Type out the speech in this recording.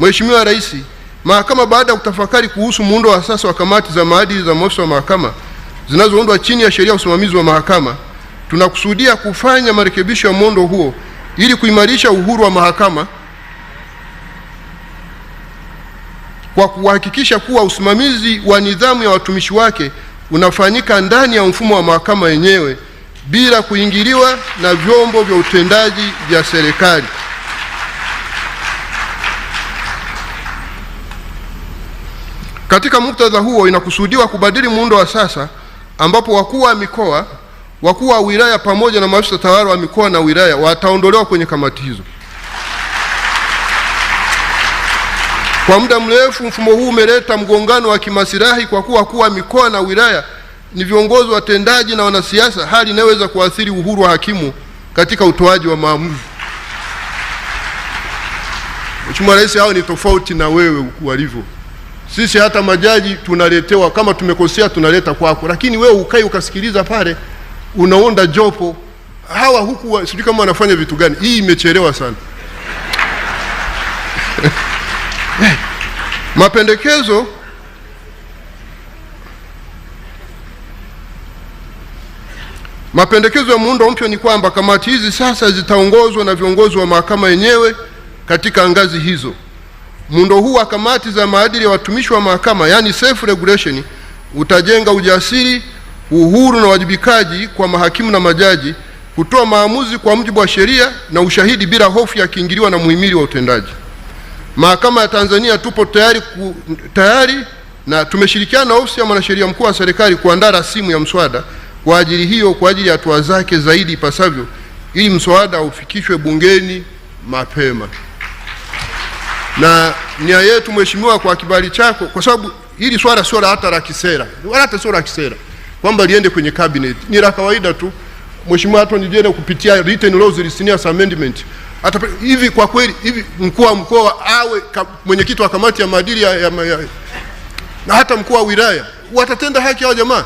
Mheshimiwa Rais, mahakama baada ya kutafakari kuhusu muundo wa sasa wa kamati za maadili za maafisa wa mahakama zinazoundwa chini ya sheria ya usimamizi wa mahakama, tunakusudia kufanya marekebisho ya muundo huo ili kuimarisha uhuru wa mahakama kwa kuhakikisha kuwa usimamizi wa nidhamu ya watumishi wake unafanyika ndani ya mfumo wa mahakama yenyewe bila kuingiliwa na vyombo vya utendaji vya serikali. Katika muktadha huo, inakusudiwa kubadili muundo wa sasa ambapo wakuu wa mikoa, wakuu wa wilaya pamoja na maafisa tawala wa mikoa na wilaya wataondolewa kwenye kamati hizo. Kwa muda mrefu mfumo huu umeleta mgongano wa kimasilahi kwa kuwa wakuu wa mikoa na wilaya ni viongozi watendaji na wanasiasa, hali inayoweza kuathiri uhuru wa hakimu katika utoaji wa maamuzi. Mheshimiwa Rais, hao ni tofauti na wewe walivyo. Sisi hata majaji tunaletewa, kama tumekosea tunaleta kwako, lakini wewe ukai ukasikiliza pale, unaonda jopo hawa huku, sijui kama wanafanya vitu gani. Hii imechelewa sana. mapendekezo Mapendekezo ya muundo mpya ni kwamba kamati hizi sasa zitaongozwa na viongozi wa mahakama yenyewe katika ngazi hizo. Muundo huu wa kamati za maadili ya watumishi wa mahakama, yani self regulation, utajenga ujasiri, uhuru na uwajibikaji kwa mahakimu na majaji kutoa maamuzi kwa mujibu wa sheria na ushahidi bila hofu ya kuingiliwa na muhimili wa utendaji. Mahakama ya Tanzania tupo tayari, ku, tayari na tumeshirikiana na ofisi ya mwanasheria mkuu wa serikali kuandaa rasimu ya mswada kwa ajili hiyo kwa ajili ya hatua zake zaidi ipasavyo ili mswada ufikishwe bungeni mapema na nia yetu mheshimiwa, kwa kibali chako, kwa sababu hili swala sio la hata la kisera wala hata sio la kisera kwamba liende kwenye cabinet, ni la kawaida tu mheshimiwa. Hata nijene kupitia written laws listeners amendment hata hivi, kwa kweli hivi mkuu wa mkoa awe mwenyekiti wa kamati ya maadili ya, ya, ya, na hata mkuu wa wilaya watatenda haki hao jamaa